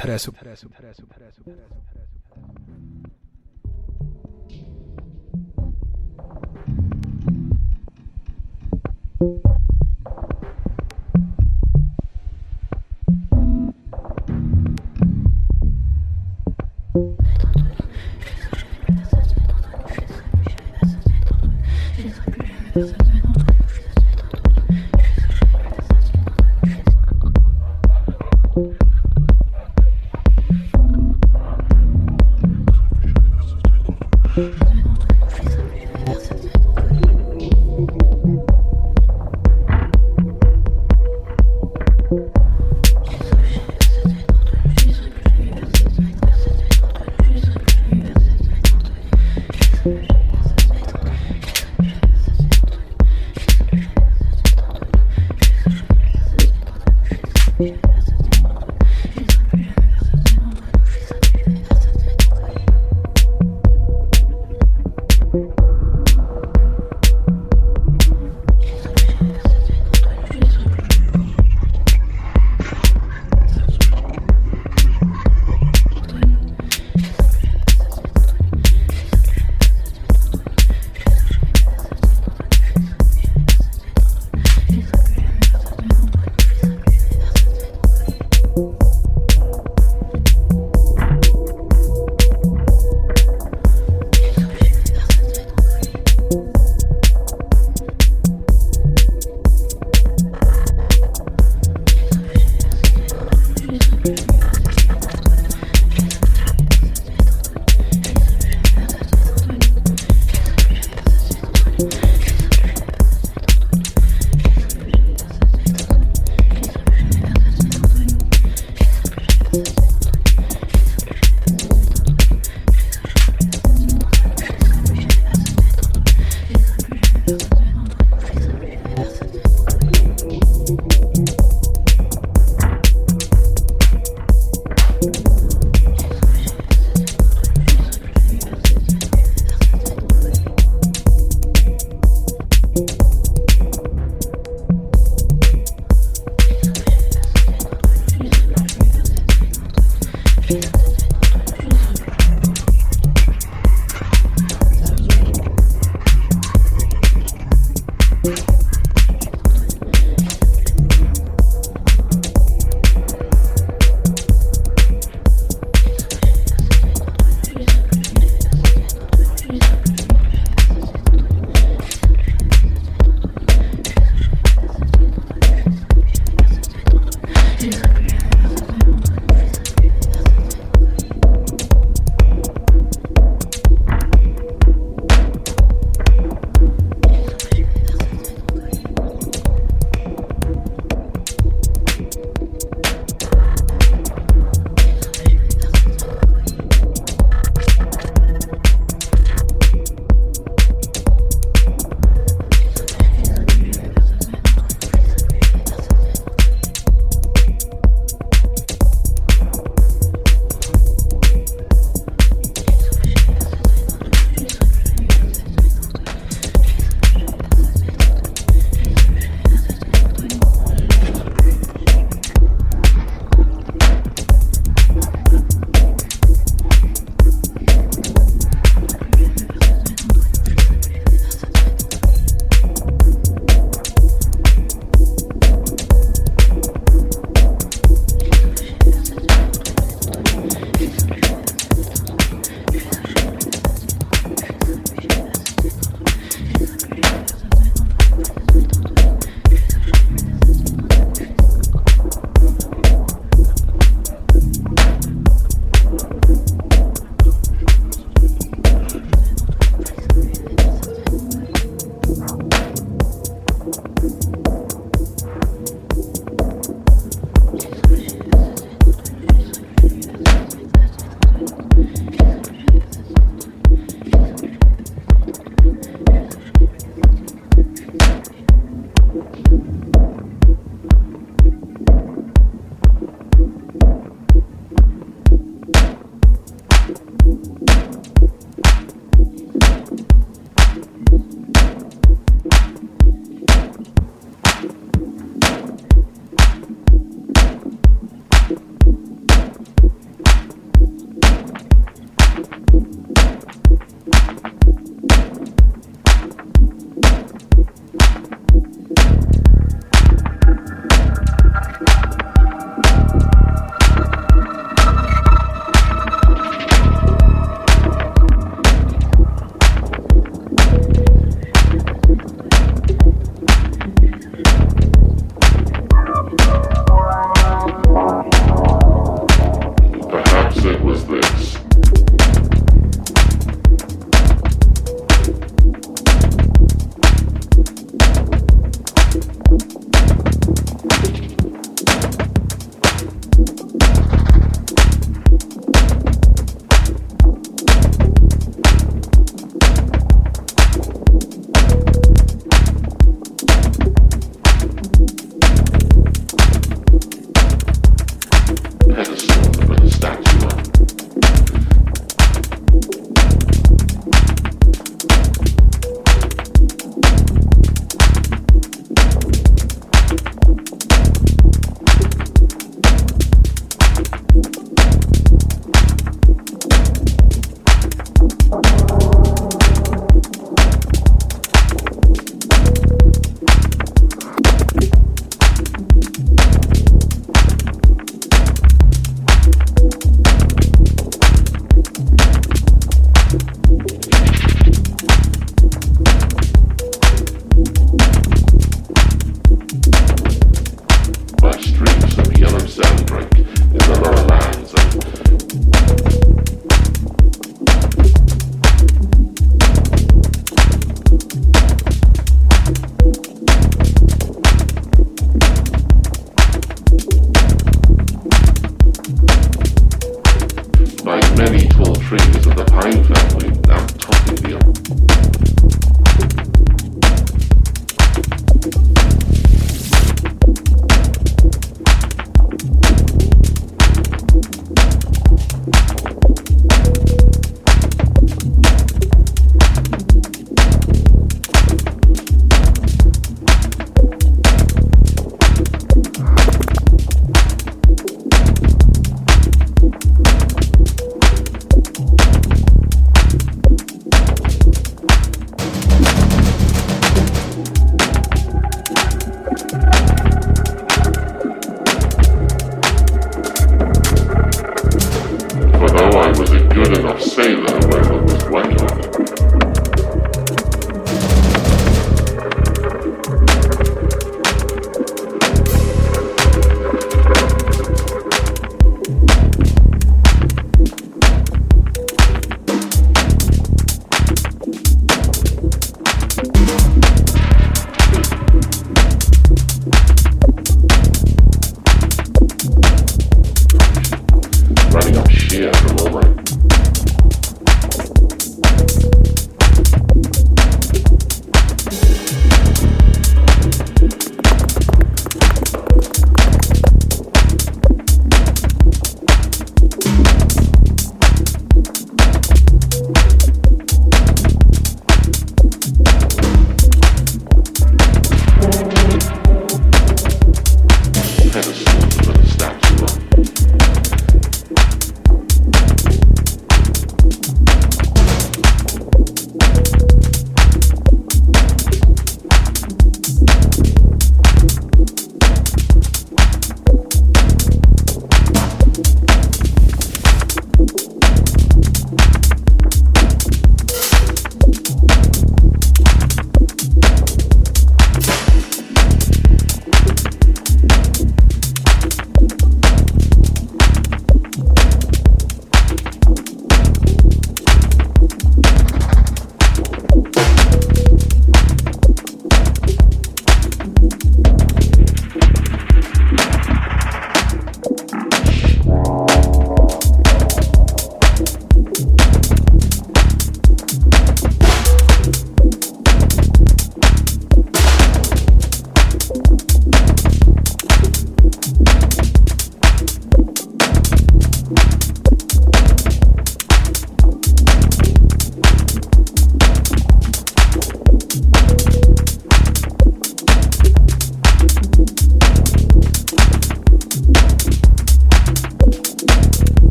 interesu. interesu.